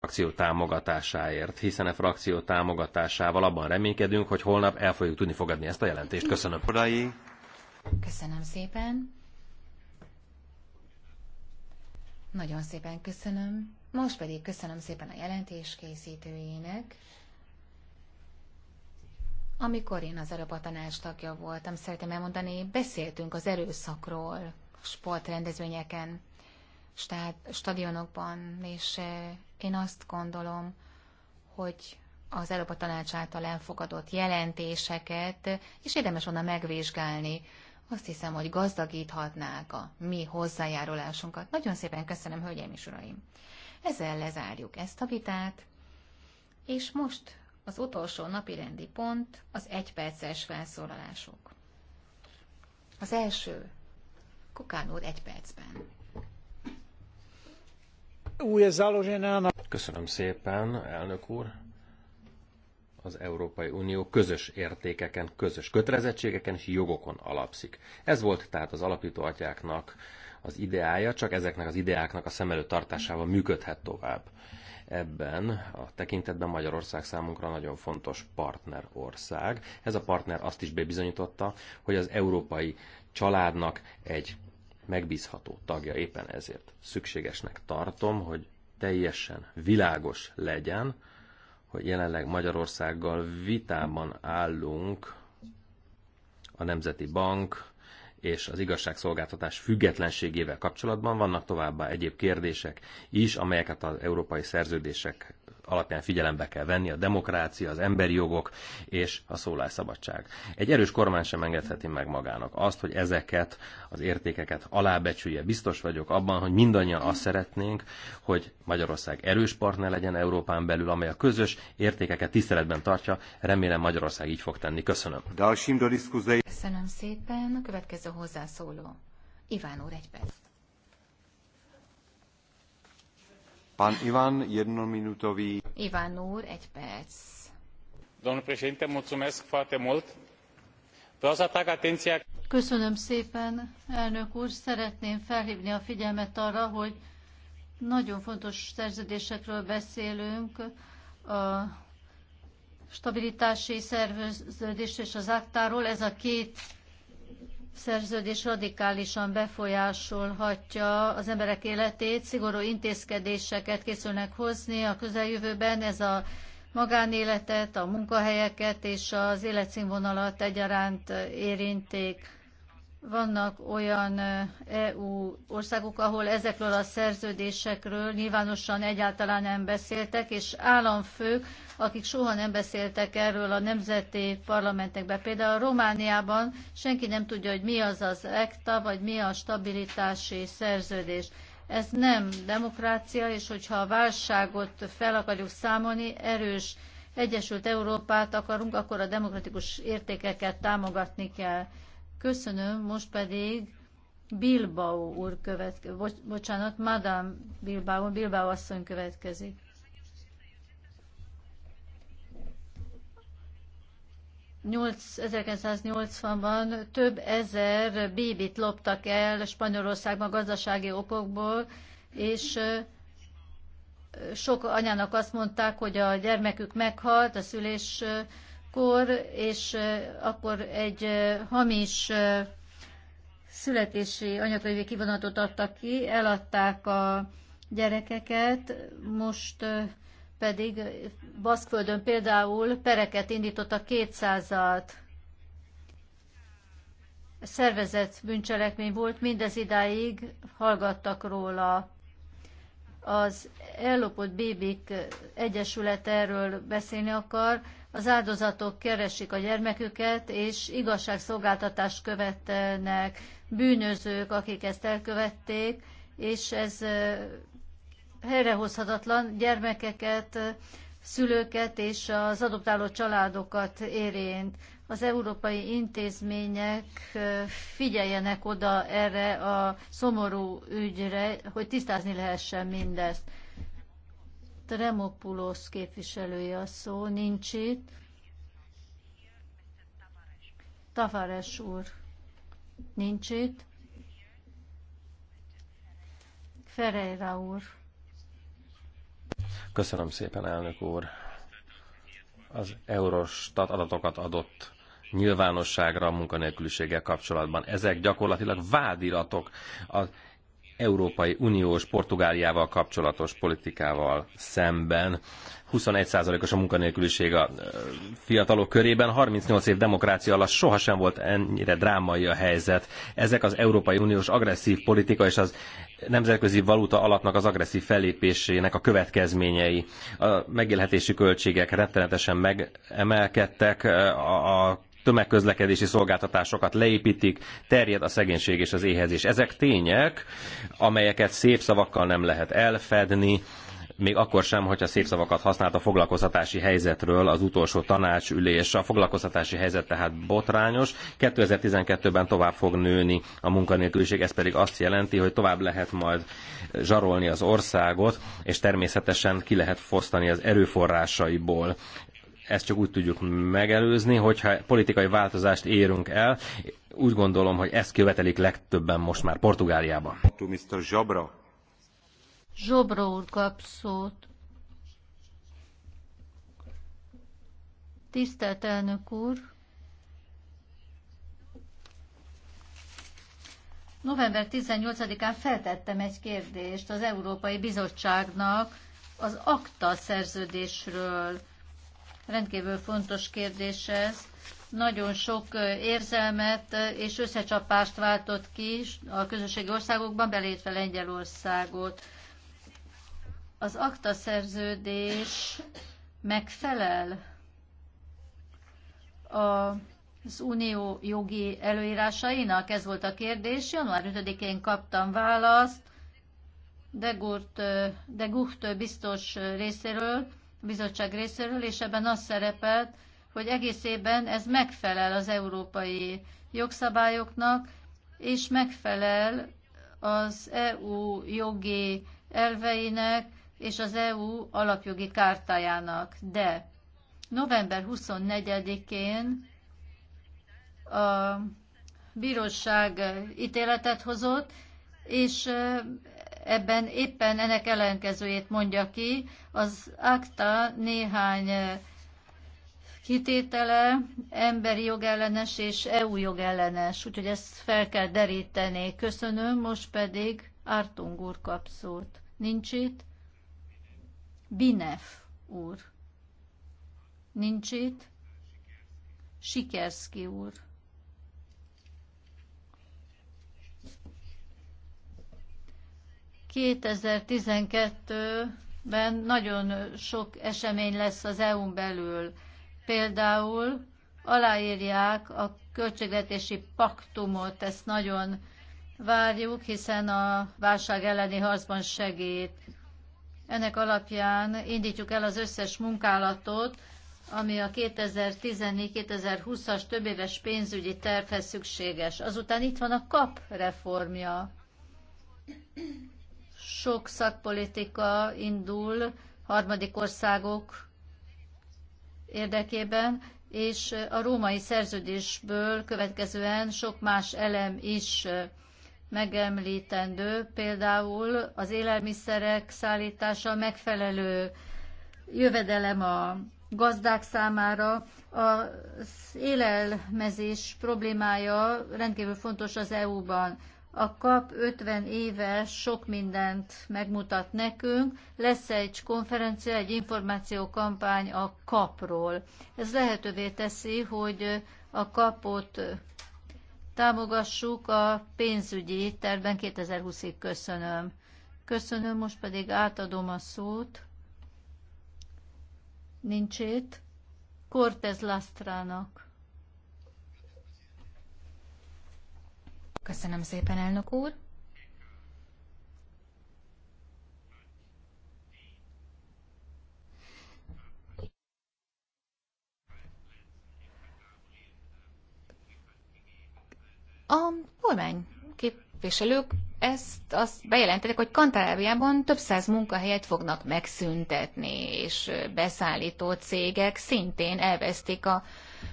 frakció támogatásáért, hiszen a frakció támogatásával abban reménykedünk, hogy holnap el fogjuk tudni fogadni ezt a jelentést. Köszönöm. Köszönöm szépen. Nagyon szépen köszönöm. Most pedig köszönöm szépen a jelentés készítőjének. Amikor én az Európa Tanács tagja voltam, szeretném elmondani, beszéltünk az erőszakról sportrendezvényeken stadionokban, és eh, én azt gondolom, hogy az Európa Tanács által elfogadott jelentéseket, és érdemes onnan megvizsgálni. Azt hiszem, hogy gazdagíthatnák a mi hozzájárulásunkat. Nagyon szépen köszönöm, hölgyeim és uraim! Ezzel lezárjuk ezt a vitát, és most az utolsó napi rendi pont az egyperces felszólalások. Az első, Kukán úr egy percben. Köszönöm szépen, elnök úr. Az Európai Unió közös értékeken, közös kötelezettségeken és jogokon alapszik. Ez volt tehát az alapító atyáknak az ideája, csak ezeknek az ideáknak a szem előtt tartásával működhet tovább. Ebben a tekintetben Magyarország számunkra nagyon fontos partner ország. Ez a partner azt is bebizonyította, hogy az európai családnak egy megbízható tagja. Éppen ezért szükségesnek tartom, hogy teljesen világos legyen, hogy jelenleg Magyarországgal vitában állunk a Nemzeti Bank és az igazságszolgáltatás függetlenségével kapcsolatban. Vannak továbbá egyéb kérdések is, amelyeket az európai szerződések alapján figyelembe kell venni a demokrácia, az emberi jogok és a szólásszabadság. Egy erős kormány sem engedheti meg magának azt, hogy ezeket az értékeket alábecsülje. Biztos vagyok abban, hogy mindannyian azt szeretnénk, hogy Magyarország erős partner legyen Európán belül, amely a közös értékeket tiszteletben tartja. Remélem Magyarország így fog tenni. Köszönöm. Köszönöm szépen. A következő hozzászóló. Iván úr, egy perc. Pán Iván, jednominutový. Iván úr, egy perc. Domnul președinte, mulțumesc foarte mult. Vreau să atrag atenția... Köszönöm szépen, elnök úr. Szeretném felhívni a figyelmet arra, hogy nagyon fontos szerződésekről beszélünk, a stabilitási szerződés és az aktáról. Ez a két szerződés radikálisan befolyásolhatja az emberek életét, szigorú intézkedéseket készülnek hozni a közeljövőben, ez a magánéletet, a munkahelyeket és az életszínvonalat egyaránt érinték. Vannak olyan EU országok, ahol ezekről a szerződésekről nyilvánosan egyáltalán nem beszéltek, és államfők, akik soha nem beszéltek erről a nemzeti parlamentekben. Például Romániában senki nem tudja, hogy mi az az ECTA, vagy mi a stabilitási szerződés. Ez nem demokrácia, és hogyha a válságot fel akarjuk számolni, erős Egyesült Európát akarunk, akkor a demokratikus értékeket támogatni kell. Köszönöm, most pedig Bilbao úr következik, Bo- bocsánat, Madame Bilbao, Bilbao asszony következik. Nyolc, 1980-ban több ezer bébit loptak el Spanyolországban gazdasági okokból, és sok anyának azt mondták, hogy a gyermekük meghalt a szülés kor, és akkor egy hamis születési anyakönyvi kivonatot adtak ki, eladták a gyerekeket, most pedig Baszkföldön például pereket indítottak 200-at. Szervezett bűncselekmény volt, mindez idáig hallgattak róla. Az ellopott bébik egyesület erről beszélni akar, az áldozatok keresik a gyermeküket, és igazságszolgáltatást követnek bűnözők, akik ezt elkövették, és ez helyrehozhatatlan gyermekeket, szülőket és az adoptáló családokat érint. Az európai intézmények figyeljenek oda erre a szomorú ügyre, hogy tisztázni lehessen mindezt. Tremopulos képviselője a szó, nincs itt. Tavares úr, nincs itt. Ferreira úr. Köszönöm szépen, elnök úr. Az Eurostat adatokat adott nyilvánosságra a munkanélküliséggel kapcsolatban. Ezek gyakorlatilag vádiratok. Az Európai Uniós Portugáliával kapcsolatos politikával szemben. 21%-os a munkanélküliség a fiatalok körében, 38 év demokrácia alatt sohasem volt ennyire drámai a helyzet. Ezek az Európai Uniós agresszív politika és az nemzetközi valuta alapnak az agresszív fellépésének a következményei. A megélhetési költségek rettenetesen megemelkedtek, a tömegközlekedési szolgáltatásokat leépítik, terjed a szegénység és az éhezés. Ezek tények, amelyeket szép szavakkal nem lehet elfedni, még akkor sem, hogyha szép szavakat használt a foglalkoztatási helyzetről az utolsó tanácsülés. A foglalkoztatási helyzet tehát botrányos. 2012-ben tovább fog nőni a munkanélküliség, ez pedig azt jelenti, hogy tovább lehet majd zsarolni az országot, és természetesen ki lehet fosztani az erőforrásaiból ezt csak úgy tudjuk megelőzni, hogyha politikai változást érünk el. Úgy gondolom, hogy ezt követelik legtöbben most már Portugáliában. Mr. Zsabra. Zsobra úr kap szót. Tisztelt elnök úr! November 18-án feltettem egy kérdést az Európai Bizottságnak az akta szerződésről rendkívül fontos kérdés ez. Nagyon sok érzelmet és összecsapást váltott ki a közösségi országokban, belétve Lengyelországot. Az akta szerződés megfelel a az unió jogi előírásainak? Ez volt a kérdés. Január 5-én kaptam választ de Gucht biztos részéről, bizottság részéről, és ebben az szerepelt, hogy egész évben ez megfelel az európai jogszabályoknak, és megfelel az EU jogi elveinek és az EU alapjogi kártájának. De november 24-én a bíróság ítéletet hozott, és ebben éppen ennek ellenkezőjét mondja ki. Az akta néhány eh, kitétele emberi jogellenes és EU jogellenes, úgyhogy ezt fel kell deríteni. Köszönöm, most pedig Artung úr kap szót. Nincs itt? Binef úr. Nincs itt? Sikerszki úr. 2012-ben nagyon sok esemény lesz az EU-n belül. Például aláírják a költségvetési paktumot, ezt nagyon várjuk, hiszen a válság elleni harcban segít. Ennek alapján indítjuk el az összes munkálatot, ami a 2014-2020-as többéves pénzügyi tervhez szükséges. Azután itt van a KAP reformja sok szakpolitika indul harmadik országok érdekében, és a római szerződésből következően sok más elem is megemlítendő, például az élelmiszerek szállítása megfelelő jövedelem a gazdák számára. Az élelmezés problémája rendkívül fontos az EU-ban. A kap 50 éve sok mindent megmutat nekünk. Lesz egy konferencia, egy információkampány a kapról. Ez lehetővé teszi, hogy a kapot támogassuk a pénzügyi terben 2020-ig. Köszönöm. Köszönöm, most pedig átadom a szót. Nincs itt. Cortez Lastrának. Köszönöm szépen, elnök úr. A kormány képviselők ezt azt bejelentették, hogy Kantáriában több száz munkahelyet fognak megszüntetni, és beszállító cégek szintén elvesztik a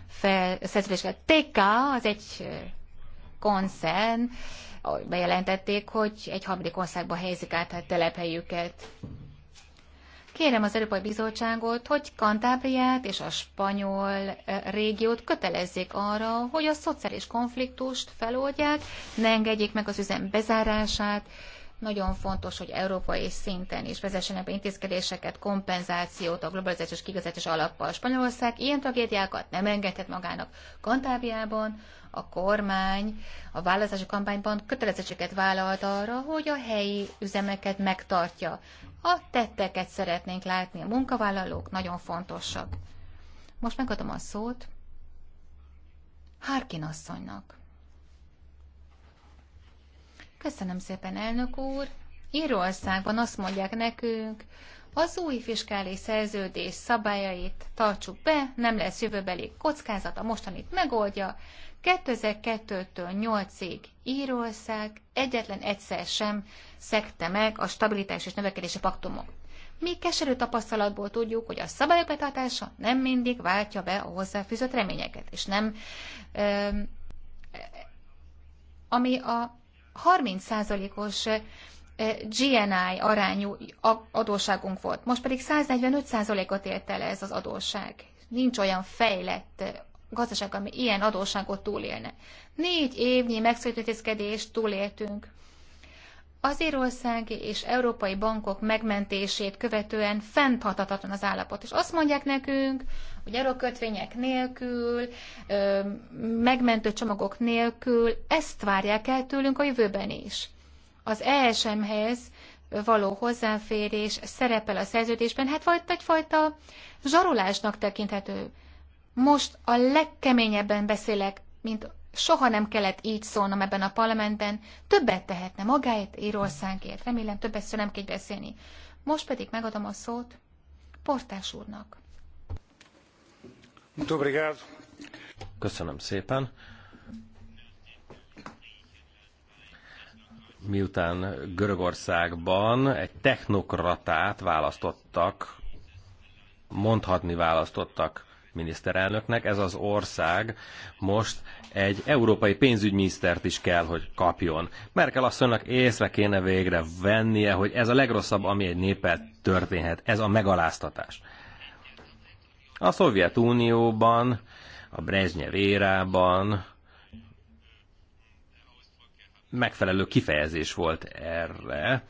felszerződéseket. TK az egy Wisconsin bejelentették, hogy egy harmadik országba helyezik át a telephelyüket. Kérem az Európai Bizottságot, hogy Kantábriát és a spanyol régiót kötelezzék arra, hogy a szociális konfliktust feloldják, ne engedjék meg az üzem bezárását, nagyon fontos, hogy európai szinten is vezessenek be intézkedéseket, kompenzációt a globalizációs kigazetes alappal. Spanyolország ilyen tragédiákat nem engedhet magának. Kantábiában a kormány a választási kampányban kötelezettséget vállalt arra, hogy a helyi üzemeket megtartja. A tetteket szeretnénk látni, a munkavállalók nagyon fontosak. Most megadom a szót Harkin asszonynak. Köszönöm szépen, elnök úr. Írországban azt mondják nekünk, az új fiskális szerződés szabályait tartsuk be, nem lesz jövőbeli kockázat, a mostanit megoldja. 2002-től 8-ig Írország egyetlen egyszer sem szekte meg a stabilitás és növekedési paktumok. Mi keserű tapasztalatból tudjuk, hogy a szabályok betartása nem mindig váltja be a hozzáfűzött reményeket, és nem, ö, ami a 30%-os eh, GNI arányú adósságunk volt, most pedig 145%-ot ért el ez az adósság. Nincs olyan fejlett eh, gazdaság, ami ilyen adósságot túlélne. Négy évnyi megszorító túléltünk. Az írországi és európai bankok megmentését követően fenntarthatatlan az állapot. És azt mondják nekünk, hogy eurókötvények nélkül, ö, megmentő csomagok nélkül, ezt várják el tőlünk a jövőben is. Az ESM-hez való hozzáférés szerepel a szerződésben, hát vagy egyfajta zsarolásnak tekinthető. Most a legkeményebben beszélek, mint soha nem kellett így szólnom ebben a parlamentben, többet tehetne magáért, Írországért. Remélem, többet nem kell beszélni. Most pedig megadom a szót Portás úrnak. Köszönöm szépen. Miután Görögországban egy technokratát választottak, mondhatni választottak miniszterelnöknek. Ez az ország most egy európai pénzügyminisztert is kell, hogy kapjon. Merkel asszonynak észre kéne végre vennie, hogy ez a legrosszabb, ami egy népet történhet. Ez a megaláztatás. A Szovjetunióban, a Brezhnev érában megfelelő kifejezés volt erre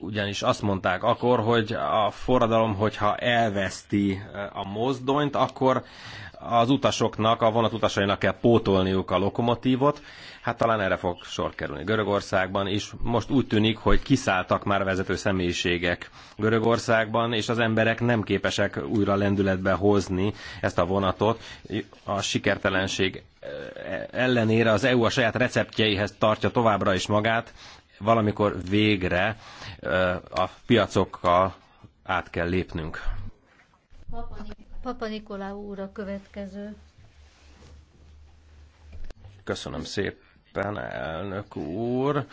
ugyanis azt mondták akkor, hogy a forradalom, hogyha elveszti eh, a mozdonyt, akkor az utasoknak, a vonatutasainak kell pótolniuk a lokomotívot. Hát talán erre fog sor kerülni Görögországban, és most úgy tűnik, hogy kiszálltak már vezető személyiségek Görögországban, és az emberek nem képesek újra lendületbe hozni ezt a vonatot. A sikertelenség eh, ellenére az EU a saját receptjeihez tartja továbbra is magát, valamikor végre a piacokkal át kell lépnünk. Papa, Papa Nikolau úr a következő. Köszönöm szépen, elnök úr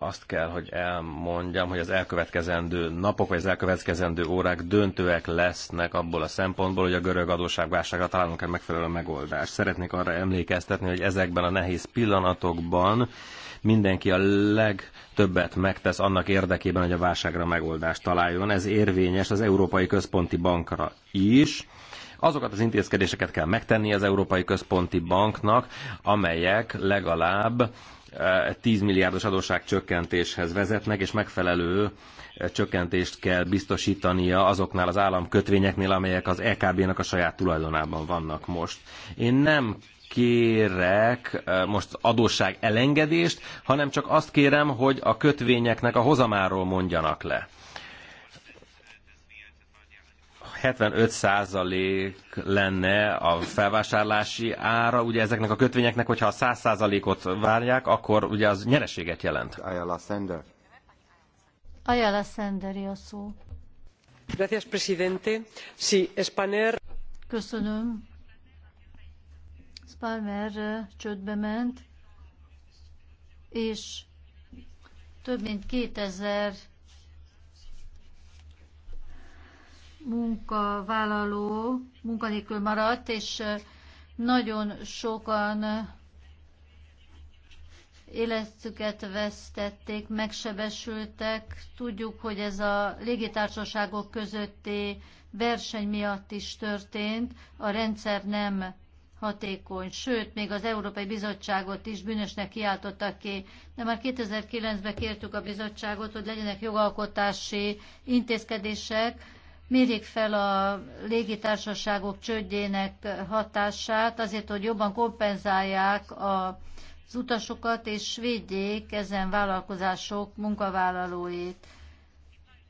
azt kell, hogy elmondjam, hogy az elkövetkezendő napok, vagy az elkövetkezendő órák döntőek lesznek abból a szempontból, hogy a görög adósságválságra találunk-e megfelelő megoldást. Szeretnék arra emlékeztetni, hogy ezekben a nehéz pillanatokban mindenki a legtöbbet megtesz annak érdekében, hogy a válságra megoldást találjon. Ez érvényes az Európai Központi Bankra is. Azokat az intézkedéseket kell megtenni az Európai Központi Banknak, amelyek legalább 10 e, milliárdos adósság csökkentéshez vezetnek, és megfelelő e, csökkentést kell biztosítania azoknál az államkötvényeknél, amelyek az EKB-nak a saját tulajdonában vannak most. Én nem kérek e, most adósság elengedést, hanem csak azt kérem, hogy a kötvényeknek a hozamáról mondjanak le. 75% lenne a felvásárlási ára, ugye ezeknek a kötvényeknek, hogyha a 100%-ot várják, akkor ugye az nyereséget jelent. Ayala Sender. Ayala Sender, jó szó. Gracias, presidente. Sí, Spaner. Köszönöm. Spalmer csődbe ment, és több mint 2000 munkavállaló munkanélkül maradt, és nagyon sokan életüket vesztették, megsebesültek. Tudjuk, hogy ez a légitársaságok közötti verseny miatt is történt. A rendszer nem hatékony, sőt, még az Európai Bizottságot is bűnösnek kiáltottak ki. De már 2009-ben kértük a bizottságot, hogy legyenek jogalkotási intézkedések, mérjék fel a légitársaságok csődjének hatását, azért, hogy jobban kompenzálják a az utasokat, és védjék ezen vállalkozások munkavállalóit.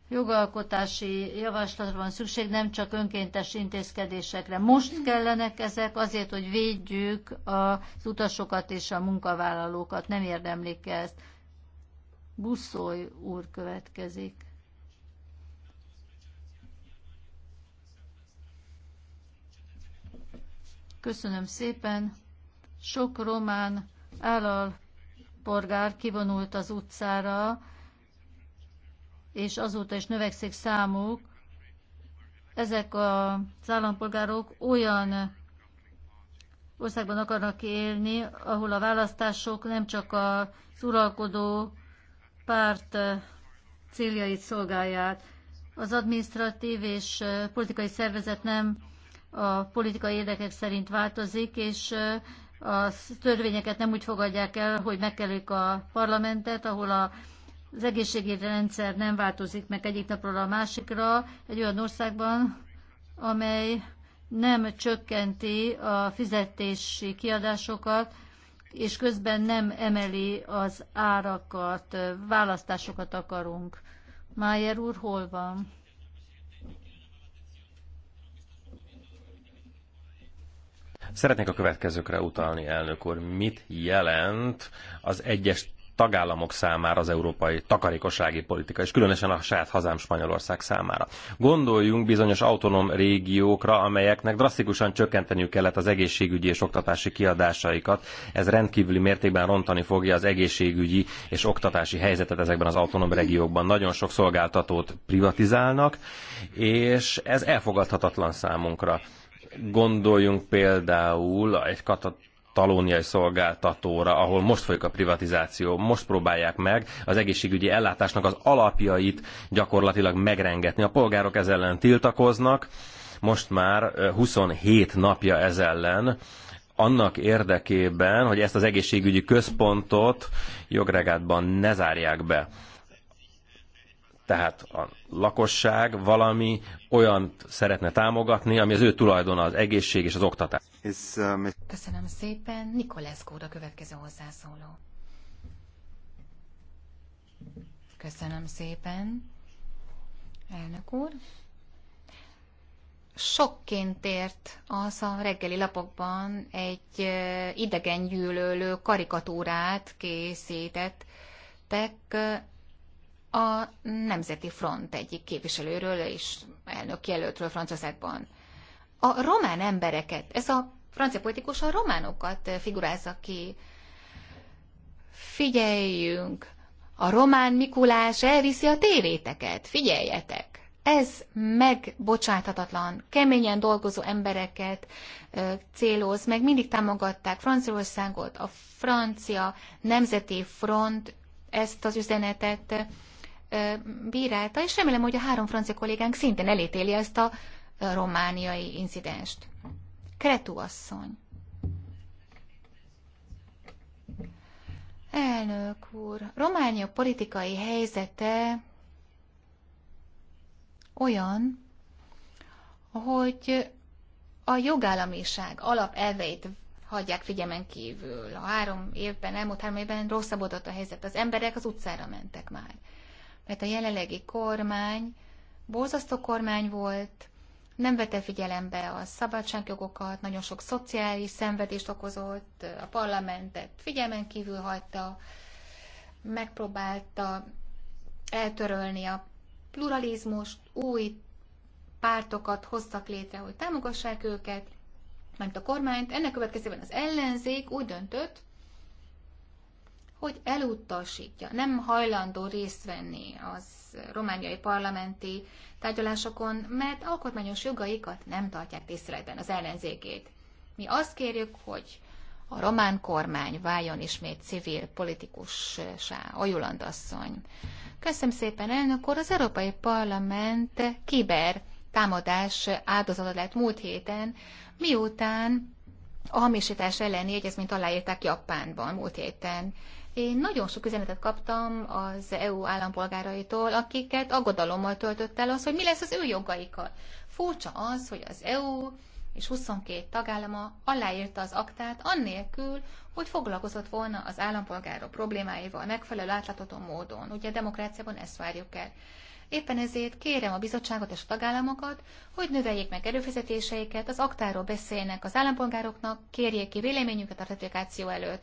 Jogalkotási javaslatra van szükség, nem csak önkéntes intézkedésekre. Most kellenek ezek azért, hogy védjük az utasokat és a munkavállalókat. Nem érdemlik ezt. Buszoly úr következik. Köszönöm szépen. Sok román állalpolgár kivonult az utcára, és azóta is növekszik számuk. Ezek az állampolgárok olyan országban akarnak élni, ahol a választások nem csak az uralkodó párt céljait szolgálják. Az administratív és politikai szervezet nem a politikai érdekek szerint változik, és a törvényeket nem úgy fogadják el, hogy megkelik a parlamentet, ahol a az egészségügyi rendszer nem változik meg egyik napról a másikra egy olyan országban, amely nem csökkenti a fizetési kiadásokat, és közben nem emeli az árakat, választásokat akarunk. Májer úr, hol van? Szeretnék a következőkre utalni, elnök úr. Mit jelent az egyes tagállamok számára az európai takarékossági politika, és különösen a saját hazám Spanyolország számára. Gondoljunk bizonyos autonóm régiókra, amelyeknek drasztikusan csökkenteniük kellett az egészségügyi és oktatási kiadásaikat. Ez rendkívüli mértékben rontani fogja az egészségügyi és oktatási helyzetet ezekben az autonóm régiókban. Nagyon sok szolgáltatót privatizálnak, és ez elfogadhatatlan számunkra Gondoljunk például egy katalóniai szolgáltatóra, ahol most folyik a privatizáció, most próbálják meg az egészségügyi ellátásnak az alapjait gyakorlatilag megrengetni. A polgárok ezzel ellen tiltakoznak, most már 27 napja ez ellen, annak érdekében, hogy ezt az egészségügyi központot jogregátban ne zárják be. Tehát a lakosság valami olyan szeretne támogatni, ami az ő tulajdona, az egészség és az oktatás. Um, Köszönöm szépen. Nikoleszkó a következő hozzászóló. Köszönöm szépen. Elnök úr. Sokként ért az a reggeli lapokban egy idegen gyűlölő karikatúrát készítettek a Nemzeti Front egyik képviselőről és elnök jelöltről Franciaországban. A román embereket, ez a francia politikus a románokat figurázza ki. Figyeljünk, a román Mikulás elviszi a tévéteket, figyeljetek! Ez megbocsáthatatlan, keményen dolgozó embereket ö, céloz, meg mindig támogatták Franciaországot, a francia nemzeti front ezt az üzenetet bírálta, és remélem, hogy a három francia kollégánk szintén elítéli ezt a romániai incidenst. Kretu asszony. Elnök úr, Románia politikai helyzete olyan, hogy a jogállamiság alapelveit hagyják figyelmen kívül. A három évben, elmúlt három évben rosszabbodott a helyzet. Az emberek az utcára mentek már mert a jelenlegi kormány borzasztó kormány volt, nem vette figyelembe a szabadságjogokat, nagyon sok szociális szenvedést okozott, a parlamentet figyelmen kívül hagyta, megpróbálta eltörölni a pluralizmust, új pártokat hoztak létre, hogy támogassák őket, mert a kormányt. Ennek következtében az ellenzék úgy döntött, hogy elutasítja, nem hajlandó részt venni az romániai parlamenti tárgyalásokon, mert alkotmányos jogaikat nem tartják tiszteletben az ellenzékét. Mi azt kérjük, hogy a román kormány váljon ismét civil politikussá, Ojuland asszony. Köszönöm szépen, elnök úr, az Európai Parlament kiber támadás áldozata lett múlt héten, miután a hamisítás elleni egyezményt aláírták Japánban múlt héten. Én nagyon sok üzenetet kaptam az EU állampolgáraitól, akiket aggodalommal töltött el az, hogy mi lesz az ő jogaikkal. Furcsa az, hogy az EU és 22 tagállama aláírta az aktát annélkül, hogy foglalkozott volna az állampolgárok problémáival megfelelő átlátható módon. Ugye a demokráciában ezt várjuk el. Éppen ezért kérem a bizottságot és a tagállamokat, hogy növeljék meg erőfizetéseiket, az aktáról beszéljenek az állampolgároknak, kérjék ki véleményüket a ratifikáció előtt.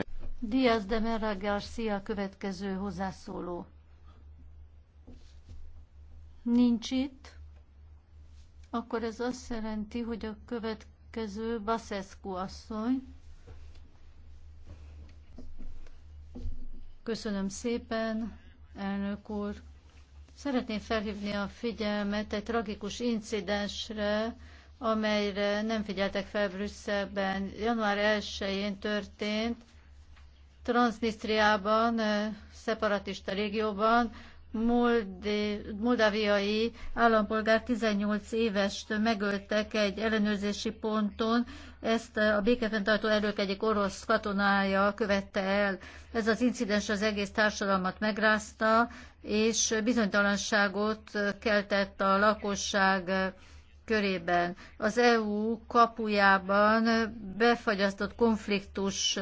Díaz de Mera Garcia következő hozzászóló. Nincs itt, akkor ez azt jelenti, hogy a következő Baszeszku asszony. Köszönöm szépen, elnök úr. Szeretném felhívni a figyelmet egy tragikus incidensre, amelyre nem figyeltek fel Brüsszelben. Január 1-én történt, Transnistriában, szeparatista régióban moldaviai állampolgár 18 évest megöltek egy ellenőrzési ponton, ezt a békefenntartó erők egyik orosz katonája követte el. Ez az incidens az egész társadalmat megrázta, és bizonytalanságot keltett a lakosság körében. Az EU kapujában befagyasztott konfliktus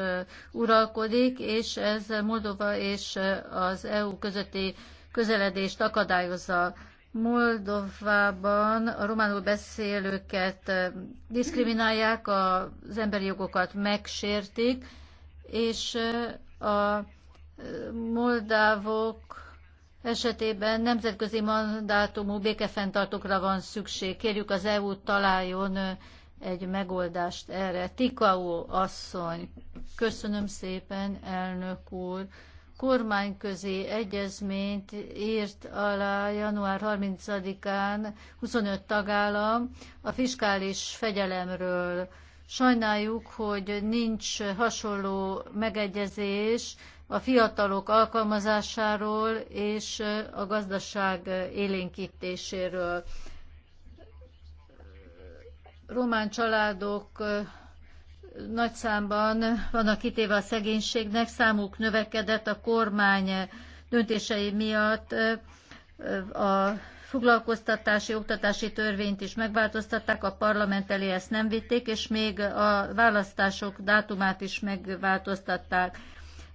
uralkodik, és ez Moldova és az EU közötti közeledést akadályozza. Moldovában a románul beszélőket diszkriminálják, az emberi jogokat megsértik, és a moldávok esetében nemzetközi mandátumú békefenntartókra van szükség. Kérjük az eu találjon egy megoldást erre. Tikaó asszony, köszönöm szépen, elnök úr. Kormányközi egyezményt írt alá január 30-án 25 tagállam a fiskális fegyelemről. Sajnáljuk, hogy nincs hasonló megegyezés a fiatalok alkalmazásáról és a gazdaság élénkítéséről. Román családok nagy számban vannak kitéve a szegénységnek, számuk növekedett a kormány döntései miatt a foglalkoztatási, oktatási törvényt is megváltoztatták, a parlament elé ezt nem vitték, és még a választások dátumát is megváltoztatták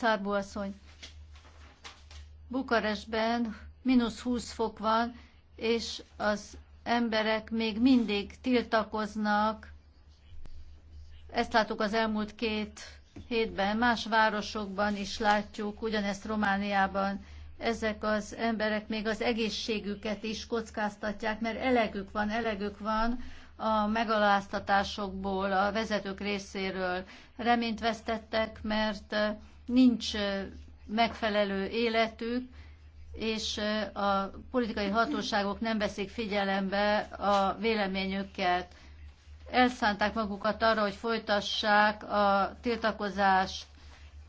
Szárbó asszony. Bukarestben mínusz 20 fok van, és az emberek még mindig tiltakoznak. Ezt látjuk az elmúlt két hétben, más városokban is látjuk, ugyanezt Romániában. Ezek az emberek még az egészségüket is kockáztatják, mert elegük van, elegük van a megaláztatásokból, a vezetők részéről. Reményt vesztettek, mert nincs megfelelő életük, és a politikai hatóságok nem veszik figyelembe a véleményüket. Elszánták magukat arra, hogy folytassák a tiltakozást.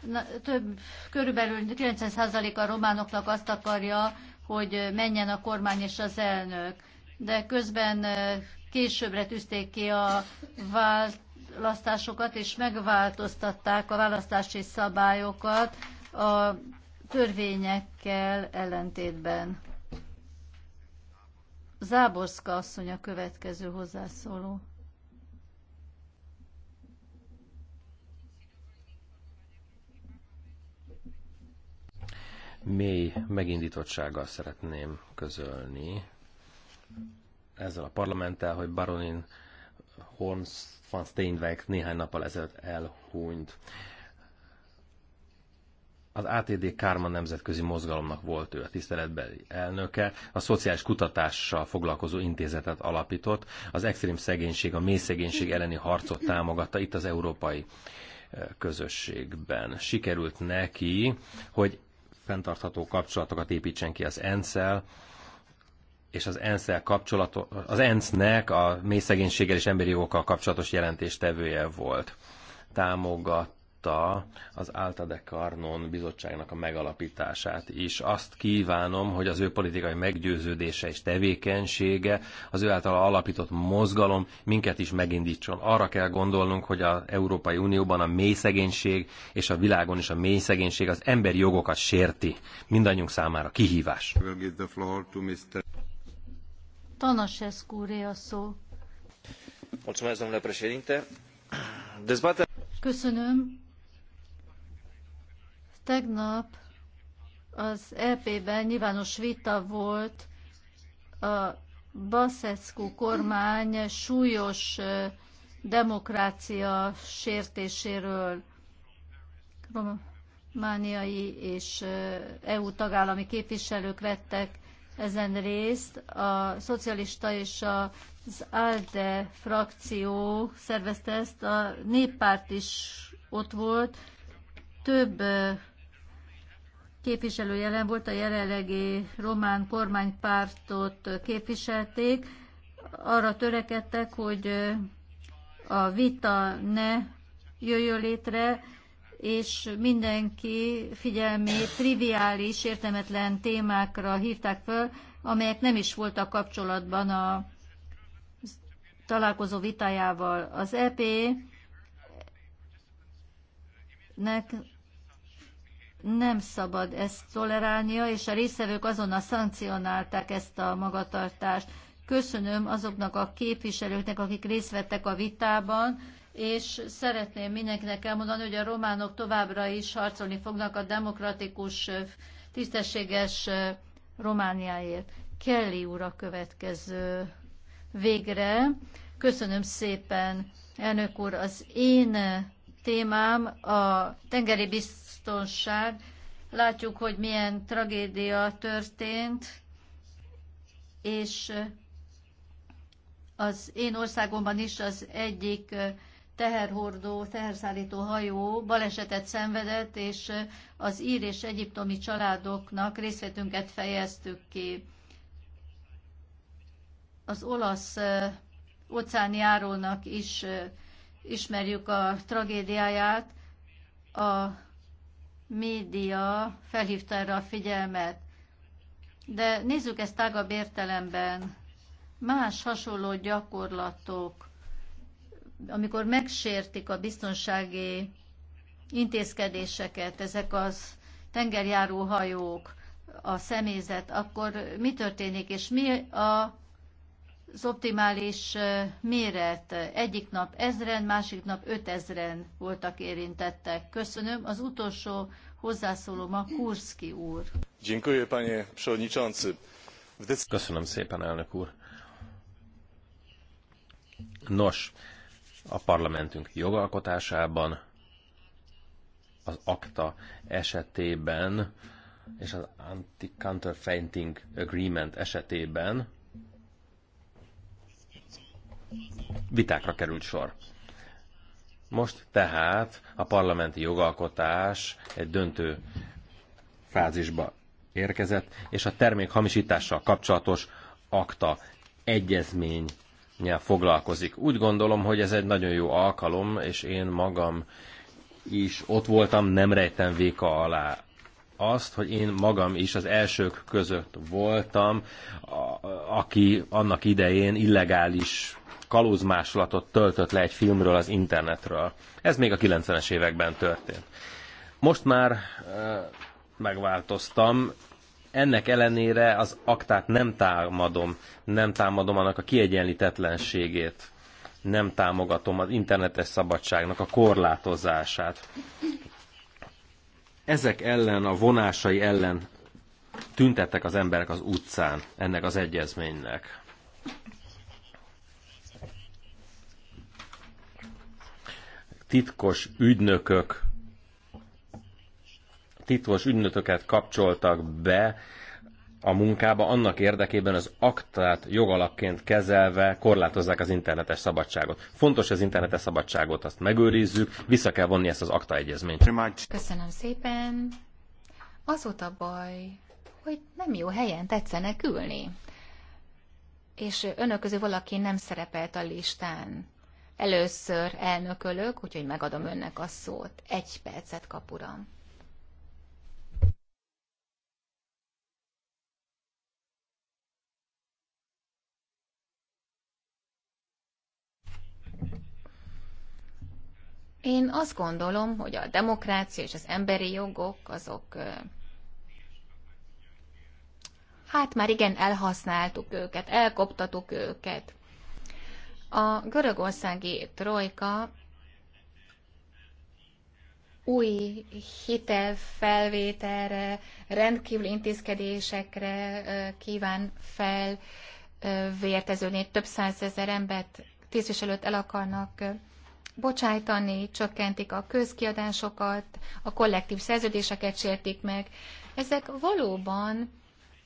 Na, több, körülbelül 90% a románoknak azt akarja, hogy menjen a kormány és az elnök. De közben későbbre tűzték ki a vált választásokat, és megváltoztatták a választási szabályokat a törvényekkel ellentétben. Záborszka asszony a következő hozzászóló. mély megindítottsággal szeretném közölni ezzel a parlamenttel, hogy Baronin Horns van Steinweg néhány nappal ezelőtt elhúnyt. Az ATD Kárma nemzetközi mozgalomnak volt ő a tiszteletbeli elnöke, a szociális kutatással foglalkozó intézetet alapított, az extrém szegénység, a mély szegénység elleni harcot támogatta itt az európai eh, közösségben. Sikerült neki, hogy fenntartható kapcsolatokat építsen ki az ENSZ-el, és az ensz az ENSZ-nek a mély szegénységgel és emberi jogokkal kapcsolatos jelentéstevője volt. Támogatta az Alta de Carnon bizottságnak a megalapítását is. Azt kívánom, hogy az ő politikai meggyőződése és tevékenysége, az ő által alapított mozgalom minket is megindítson. Arra kell gondolnunk, hogy az Európai Unióban a mély szegénység és a világon is a mély szegénység az emberi jogokat sérti. Mindannyiunk számára kihívás. Tanasescu úré a szó. Mulțumesc, domnule președinte. Dezbaterea... Köszönöm. Tegnap az EP-ben nyilvános vita volt a Baszeszkú kormány súlyos demokrácia sértéséről romániai és EU tagállami képviselők vettek ezen részt a szocialista és az ALDE frakció szervezte ezt, a néppárt is ott volt, több képviselő jelen volt, a jelenlegi román kormánypártot képviselték, arra törekedtek, hogy a vita ne jöjjön létre, és mindenki figyelmét triviális, értemetlen témákra hívták föl, amelyek nem is voltak kapcsolatban a találkozó vitájával. Az EP nek nem szabad ezt tolerálnia, és a részevők azonnal szankcionálták ezt a magatartást. Köszönöm azoknak a képviselőknek, akik részt vettek a vitában, és szeretném mindenkinek elmondani, hogy a románok továbbra is harcolni fognak a demokratikus, tisztességes Romániáért. Kelly úr a következő végre. Köszönöm szépen, elnök úr. Az én témám a tengeri biztonság. Látjuk, hogy milyen tragédia történt, és az én országomban is az egyik teherhordó, teherszállító hajó balesetet szenvedett, és az ír és egyiptomi családoknak részletünket fejeztük ki. Az olasz árónak is ismerjük a tragédiáját. A média felhívta erre a figyelmet. De nézzük ezt tágabb értelemben. Más hasonló gyakorlatok amikor megsértik a biztonsági intézkedéseket, ezek az tengerjáró hajók, a személyzet, akkor mi történik, és mi a az optimális méret. Egyik nap ezren, másik nap ötezren voltak érintettek. Köszönöm. Az utolsó hozzászóló ma Kurszki úr. Köszönöm szépen, elnök úr. Nos, a parlamentünk jogalkotásában, az akta esetében és az Anti-Counterfeiting Agreement esetében vitákra került sor. Most tehát a parlamenti jogalkotás egy döntő fázisba érkezett, és a termék hamisítással kapcsolatos akta egyezmény foglalkozik. Úgy gondolom, hogy ez egy nagyon jó alkalom, és én magam is ott voltam, nem rejtem véka alá azt, hogy én magam is az elsők között voltam, aki annak idején illegális kalózmásolatot töltött le egy filmről az internetről. Ez még a 90-es években történt. Most már megváltoztam, ennek ellenére az aktát nem támadom, nem támadom annak a kiegyenlítetlenségét, nem támogatom az internetes szabadságnak a korlátozását. Ezek ellen, a vonásai ellen tüntettek az emberek az utcán ennek az egyezménynek. Titkos ügynökök titkos ügynököket kapcsoltak be a munkába annak érdekében az aktát jogalapként kezelve korlátozzák az internetes szabadságot. Fontos az internetes szabadságot, azt megőrizzük, vissza kell vonni ezt az akta egyezményt. Köszönöm szépen. Az a baj, hogy nem jó helyen tetszene ülni. És önök közül valaki nem szerepelt a listán. Először elnökölök, úgyhogy megadom önnek a szót. Egy percet kap, uram. Én azt gondolom, hogy a demokrácia és az emberi jogok azok hát már igen, elhasználtuk őket, elkoptatuk őket. A görögországi trojka új hitelfelvételre, rendkívül intézkedésekre kíván felvérteződni. Több százezer embert tisztviselőt el akarnak bocsájtani, csökkentik a közkiadásokat, a kollektív szerződéseket sértik meg. Ezek valóban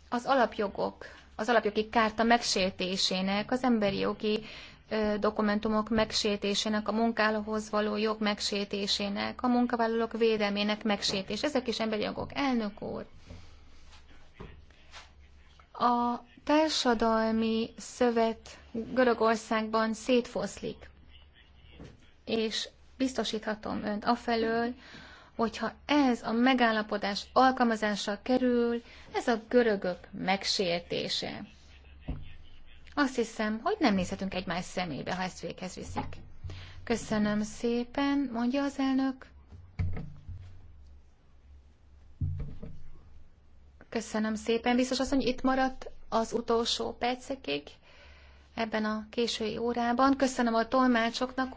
az alapjogok, az alapjogi kárta megsértésének, az emberi jogi dokumentumok megsértésének, a munkához való jog megsértésének, a munkavállalók védelmének megsértés. Ezek is emberi jogok. Elnök úr, a társadalmi szövet Görögországban szétfoszlik és biztosíthatom önt afelől, hogyha ez a megállapodás alkalmazásra kerül, ez a görögök megsértése. Azt hiszem, hogy nem nézhetünk egymás szemébe, ha ezt véghez viszik. Köszönöm szépen, mondja az elnök. Köszönöm szépen, biztos asszony itt maradt az utolsó percekig ebben a késői órában. Köszönöm a tolmácsoknak,